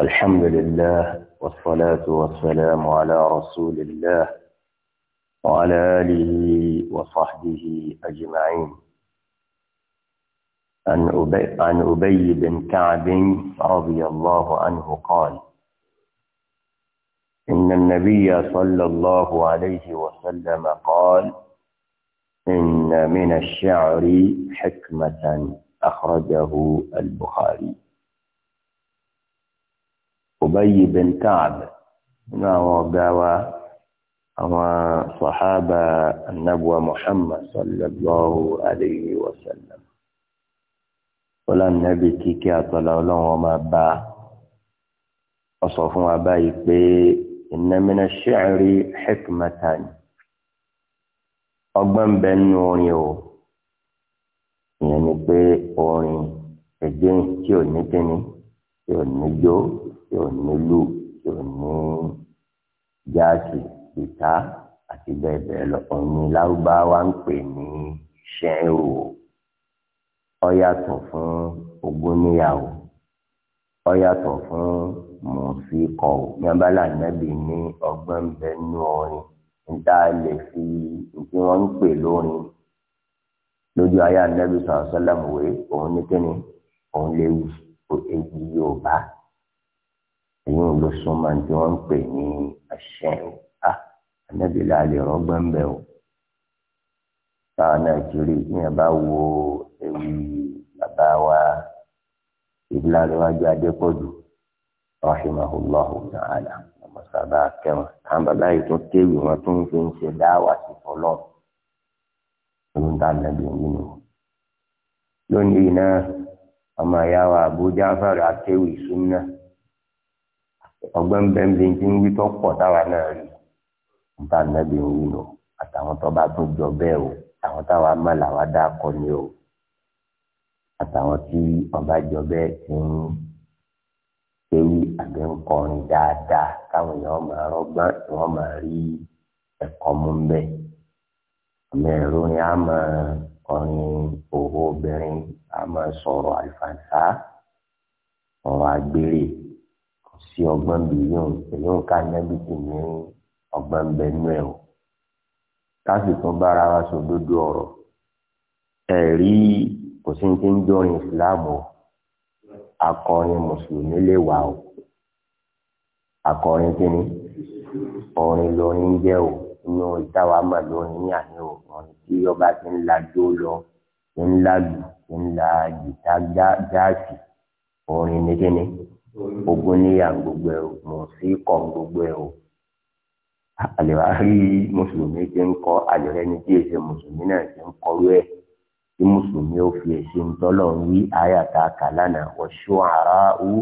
الحمد لله والصلاة والسلام على رسول الله وعلى آله وصحبه أجمعين عن أبي, عن أبي بن كعب رضي الله عنه قال إن النبي صلى الله عليه وسلم قال إن من الشعر حكمة أخرجه البخاري Ubayy bin Ka'b nínú àwọn ọ̀gá wa àwọn sàhábà anábùwà Muhammad sallallahu alayhi wa sallam. Wọ́n láti nábì kíkẹ́ àtọ́lá ọlọ́run ọmọ bá ọ sọ fún wa báyìí pé inna mina shi'ri hikmatan ọgbọ́n bẹ orin o ìyẹn ni pé orin ẹ̀gbẹ́ tí ò ní kíni tí ò ní jó tí ò ní lù tí ò ní jáàsì ìta àti bẹ́ẹ̀ bẹ́ẹ̀ lọ ọ̀yin lárúbáwá ń pè ní ṣẹ́rù ó yàtọ̀ fún ogúnníyàwó ó yàtọ̀ fún mọ̀ọ́fíkọ̀ yánbálà nẹ́bí ní ọgbọ́n bẹ́nu orin níta lè fi tí wọ́n ń pè lórin lójú ayé ànábì sọ̀rọ̀ sọ́lámùwé òun ní kíni òun léwu sí èyí yorùbá èyí ń lo súnmọ́ tí wọ́n ń pè ní ẹ̀ṣẹ̀ o a ànábìlà lè rọ́gbọ́n bẹ́ẹ̀ o táwọn náà kiri ní ẹ bá wo ewì bàbá wa ìdílé àríwájú adépọ̀jù rahimahullahu ta'ala ọmọ sábà kẹwọn àwọn bàbá yìí tó kéwì wọn tó ń fi ń ṣe dáwà sí fọlọ́ ohun tá a nàbẹ̀ lónìí náà ọmọ ìyá wa Abu Ja'far akéwì súnà ọgbọ́n bẹ́ńbí tí ń wí tó pọ̀ táwa náà rí níta nàbí ń wí lọ àtàwọn tó bá tún jọ bẹ́ẹ̀ o àwọn táwa má làwa dá kọ ni o àtàwọn tí ọba jọ bẹ́ẹ̀ ti ń kéwì àbí ń kọrin dáadáa káwọn èèyàn máa rọgbọ́n tí wọ́n máa rí ẹ̀kọ́ mú bẹ́ẹ̀ ọmọ ẹ̀rọ yẹn á máa wọn ní owó obìnrin a máa sọ̀rọ̀ àlùfàǹsá ọ̀rọ̀ àgbèrè kò sí ọgbọ́n bìlíọ̀n èyí ń ká nẹ́bí sì ní ọgbọ́n bẹnu ẹ̀ o káàsì tún bára wa sọ dúdú ọ̀rọ̀ ẹ̀rí kò sí ti ń dọrin ìsìláàmù akọrin mùsùlùmí lè wà o akọrin kíni orin lórin jẹ́ o ìyẹn ìtawà mà lórin ní àná òkùnrin tí ọba ti ń la jó lọ ti ń la lù ti ń la jìtá jáàsì orin ní kíni ogun níyà gbogbo ẹ o mò ń sí kọ gbogbo ẹ o àlèwà rí mùsùlùmí ti ń kọ àlèrè ní tí èsè mùsùlùmí náà ti ń kọrú ẹ tí mùsùlùmí ó fi èsè ń tọ́lọ̀ ń wí àyàtà kàlánà ọ̀ṣọ́ ara ó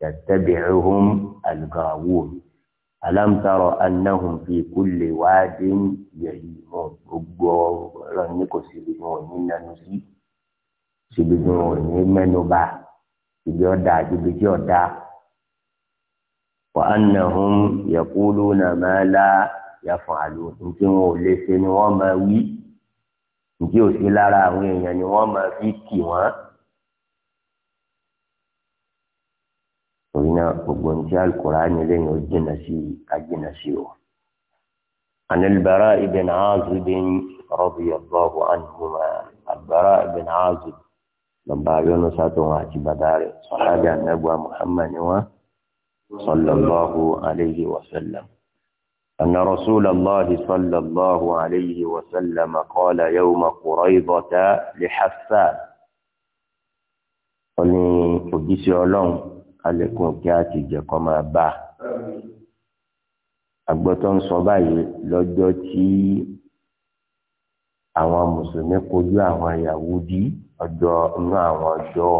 tẹ̀tẹ̀bẹ̀rẹ̀ hóm àlùkàwò mi alam tara annahum fi kulli wadin yahimun gbogbo ọ̀rọ̀ ní kò síbi wọn ò ní nanu sí síbi wọn ò ní mẹ́nuba ibi ọ̀dà ibi tí ọ̀dà wa annahum yaquluna ma la yaf'alun ntí wọn ò lè ṣe ni wọ́n máa wí ntí ò sí lára àwọn èèyàn ni wọ́n máa fi kì wọ́n. torí náà gbogbo ní ti alukur'ani lẹ́yìn ó jìnnà sí i ká jìnnà sí o. عن البراء بن عازب رضي الله عنهما البراء بن عازب لما يونسات واتي بدار صحابة النبوة محمد صلى الله عليه وسلم أن رسول الله صلى الله عليه وسلم قال يوم قريضة لحفان قل لي قدسي علوم alẹ́kùn kí a ti jẹ́ kọ́ máa bá a. àgbọ̀tọ́ ń sọ báyìí lọ́jọ́ tí àwọn mùsùlùmí kojú àwọn Yahudi ọjọ́ inú àwọn ọjọ́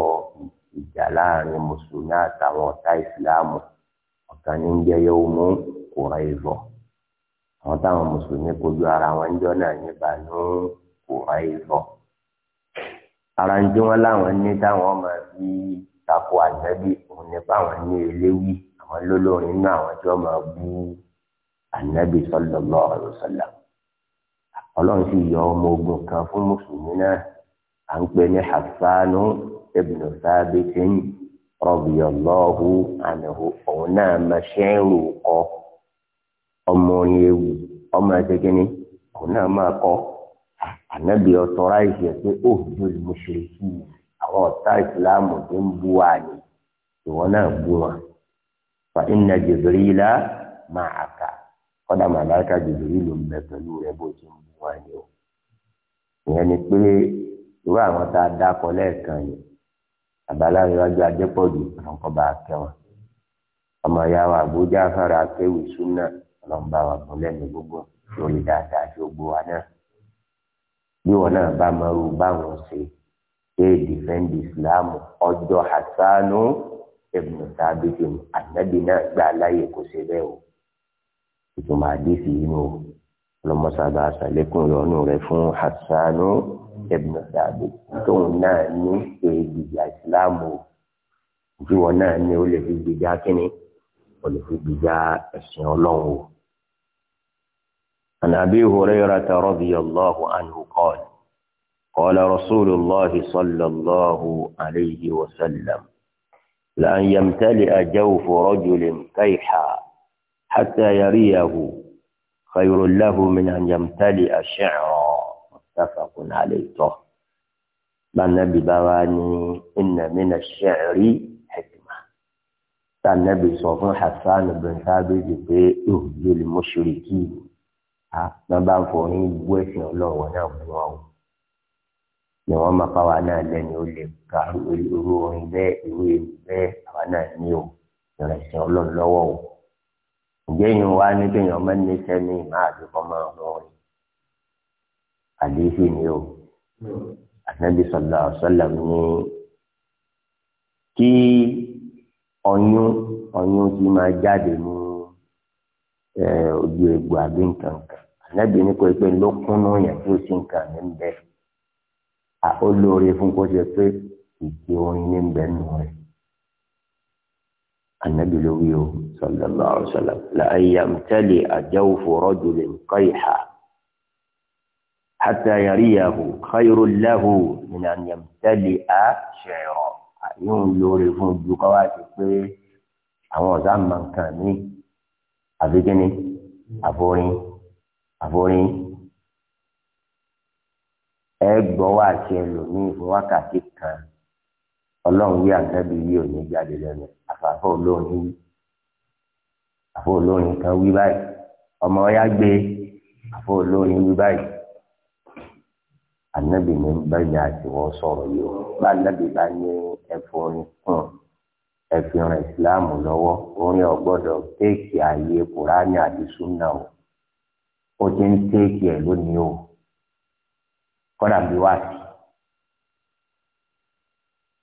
ìjà láàrin mùsùlùmí àtàwọn ọ̀tá ìsìláàmù ọ̀kan ní ń jẹ́ yẹ́wò mú Quraiza àwọn táwọn mùsùlùmí kojú ara wọn níjọ́ náà ní Banu Quraiza ara ń jẹ́ wọn láwọn ní táwọn máa fi tako ànábì òun nípa àwọn ní eléwì àwọn lólórin náà àwọn tí wọn máa bú ànábì sallallahu alaihi wasallam Ọlọ́run sì yọ ọmọ ogun kan fún mùsùlùmí náà à ń pè ní Hassanu ibn Sabitin radiyallahu anhu òun náà máa ṣẹ́rù kọ ọmọ ewu ọmọ ẹ̀dẹ́gẹ́ni òun náà máa kọ ànábì ọ̀tọ̀ ráìsì ẹ̀ pé ó dúró lè mú i. àwọn ọ̀tá ìsìláàmù tó ń bu wa ni ìwọ náà bu wọn fa inna Jibrila ma'aka kọ́dà màláìka Jibril ń bẹ pẹ̀lú rẹ bó ti ń bu o ìyẹn ni pé irú àwọn tá a dákọ lẹ́ẹ̀kan yìí adépọ̀jù ọ̀nkọ́ba akẹ́wọ̀n ọmọ ìyá wa àbújá akéwì súnà ọlọ́mọba wa lẹ́nu gbogbo lórí dáadáa tó gbó ṣe dìfẹ́ǹdì ìsìláàmù ọjọ́ hasanu ibn sábìtì ànábì náà gbà láàyè kó ṣe bẹ́ẹ̀ o ìtumọ̀ àdìsí yìí o lọmọsàgbà àṣàlékún ìrọ̀nù rẹ̀ fún hasanu ibn sábìtì tóun náà ní ṣe ìgbìyà ìsìláàmù ìdíwọ̀ náà ní o lè fi gbìyà kínní o lè fi gbìyà ẹ̀sìn ọlọ́run o. عن أبي هريرة رضي الله عنه قال قال رسول الله صلى الله عليه وسلم لأن يمتلئ جوف رجل كيحا حتى يريه خير له من أن يمتلئ شعرا متفق عليه من النبي بواني إن من الشعر حكمة النبي صلى حسان بن ثابت يهدي المشركين ما بان فوهين بوثن الله ونعم ni wọ́n máa fáwa náà lẹ́ni ó lè ka irú orin bẹ́ẹ̀ irú ewu bẹ́ẹ̀ àwa náà ní o ìrẹsìn ọlọ́run lọ́wọ́ o ǹjẹ́ yìí wá ní kéèyàn ọmọ ní sẹ́ni máa fi kọ́ máa rún orin àdéhùn ni o ànábì sọlá ọ̀sọ́là ní kí ọyún ọyún ti máa jáde ní ojú egbò àbí nǹkan kan ànábì ní kò pé ló kúnnú yẹn tó sì nǹkan ní bẹ́ẹ̀ olóore fún kó ṣe pé ìgbé orin ní bẹ́ẹ̀nù rẹ̀ anabi ló wí o sallallahu alaihi wasallam la ayyamtali ajawfu rajulin qayha hatta yariyahu khayrun lahu min an yamtali a shi'ra àyùn lóore fún ojú ká wá sí pé àwọn ọ̀sán máa ń kàn mí àbí kíni àforin ẹ gbọ́ wá àti ẹlòmíì fún wákàtí kan ọlọ́run yí àtẹ́bí yí ò ní jáde lẹ́nu àfàfọ́ olórin kan wí ọmọ ọyá gbé àfọ́ olórin wí báyìí ànábì ní bẹ́ẹ̀ àti wọ́n sọ̀rọ̀ yìí o bá ànábì bá ní ẹ̀fọ́ orin kùn ìsìláàmù lọ́wọ́ orin ọ̀gbọ́dọ̀ téèkì o ó ti ń téèkì o. kọ́dà bí wáàsí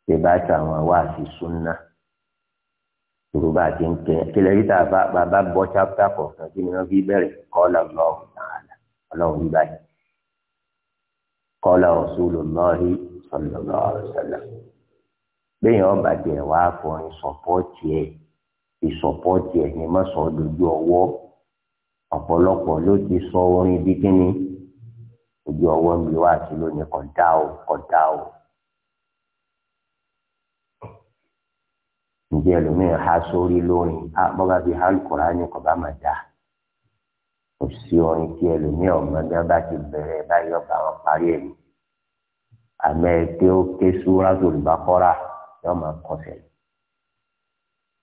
ṣe bá ti àwọn wáàsí súnná tòrò bá ti ń tẹ kílẹ̀ ríta bàbá bọ́ chápítà kọ̀ọ̀kan kí ni wọ́n fi bẹ̀rẹ̀ kọ́lá ọlọ́run tààlà ọlọ́run bí báyìí kọ́lá Rasulullahi sallallahu alaihi wasallam bẹ́ẹ̀ ọba tiẹ̀ wá fọrin sọ̀pọ́ọ̀tì ẹ̀ ìsọ̀pọ́ọ̀tì ẹ̀ ni mọ́sọ̀ọ́ dojú ọwọ́ ọ̀pọ̀lọpọ̀ ló ti sọ orin bí kíni. ojú ọwọ́ ń bi wá sí lónìí kọ̀dá o kọ̀dá o. ǹjẹ́ ẹlòmíràn há sórí lórin bọ́bá bíi hálùkùrá ni kò bá máa dà kò sí orin tí ẹlòmíràn ọ̀mọdé bá ti bẹ̀rẹ̀ báyọ̀ bá wọn parí ẹ̀ àmọ́ ẹ pé ó ké súra yorùbá kọ́ra yóò máa kọsẹ̀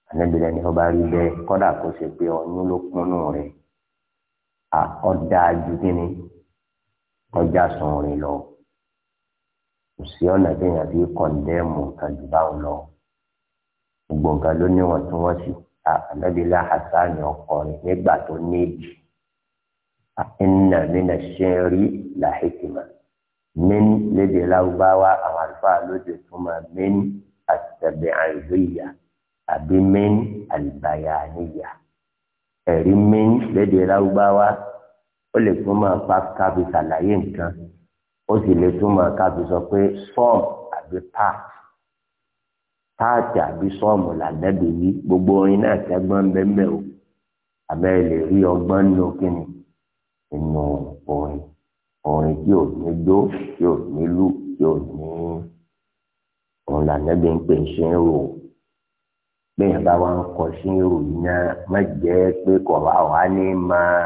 ànábìlẹ̀ rí bẹ́ẹ̀ kọ́dà kó ṣe pé ọyún ló kúnnú rẹ̀ ju kí ni. kọjá sunrin lọ kò sí ọ̀nà téèyàn fi kọ̀ndẹ́ẹ̀mù tàbí báwọn lọ gbogbo nǹkan ló níwọ̀ntúnwọ̀nsì ànábìlá hasan ọkọrin nígbà tó níbi inna mina ṣẹ́ẹ̀rí la hikima min lédè lárúbáwá àwọn àlùfáà lóde túmọ̀ min àtẹ̀bẹ̀àìlúyà àbí min àlùbáyà níyà ẹ̀rí min lédè lárúbáwá ó lè tún máa pa kábi ṣàlàyé nǹkan ó sì lè tún máa kábi sọ pé sọọmù àbí páàtì páàtì àbí sọọmù làdẹ́bí yí gbogbo orin náà tẹ́gbọ́n bẹ́ẹ̀ o àbẹ́ lè rí ọgbọ́n nínú kíni nínú orin orin tí ò ní dó tí ò ní lù tí ò ní òun làdẹ́bí ń pè ṣe ń rò bẹ́ẹ̀ bá wá ń kọ sí ìròyìn náà má jẹ́ pé kọ̀ wá wá ní máa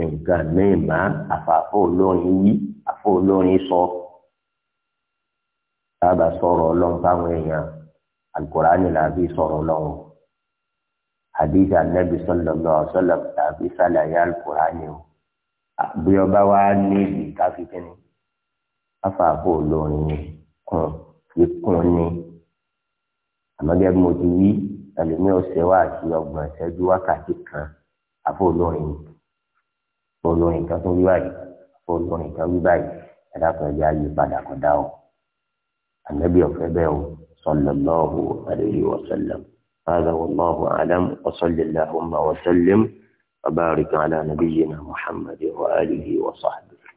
nǹkan míì má àfààfọ olórin wí àfọ olórin sọ sábà sọ̀rọ̀ Ọlọ́run fáwọn èèyàn alukurani làbí sọ̀rọ̀ Ọlọ́run hadith anabi sallallahu alaihi wasallam tàbí sàlàyé alukurani o bí ọba wa ní ibi káfíńtì olórin kún kíkún ni àmọ́gẹ́ bí mo ti wí ẹlòmíràn ṣe wá àti ọgbọ̀n ìṣẹ́jú wákàtí kan àfọ olórin olórin kan tó wí báyìí olórin kan wí báyìí ẹ̀dàkùn ẹ̀jẹ̀ ayé padà kọ̀ dá o ànábì ọ̀fẹ́ bẹ́ẹ̀ o sallallahu alayhi wa sallam hadha wallahu a'lam wa sallallahu wa sallim wa barik ala nabiyyina muhammadin wa alihi wa sahbihi.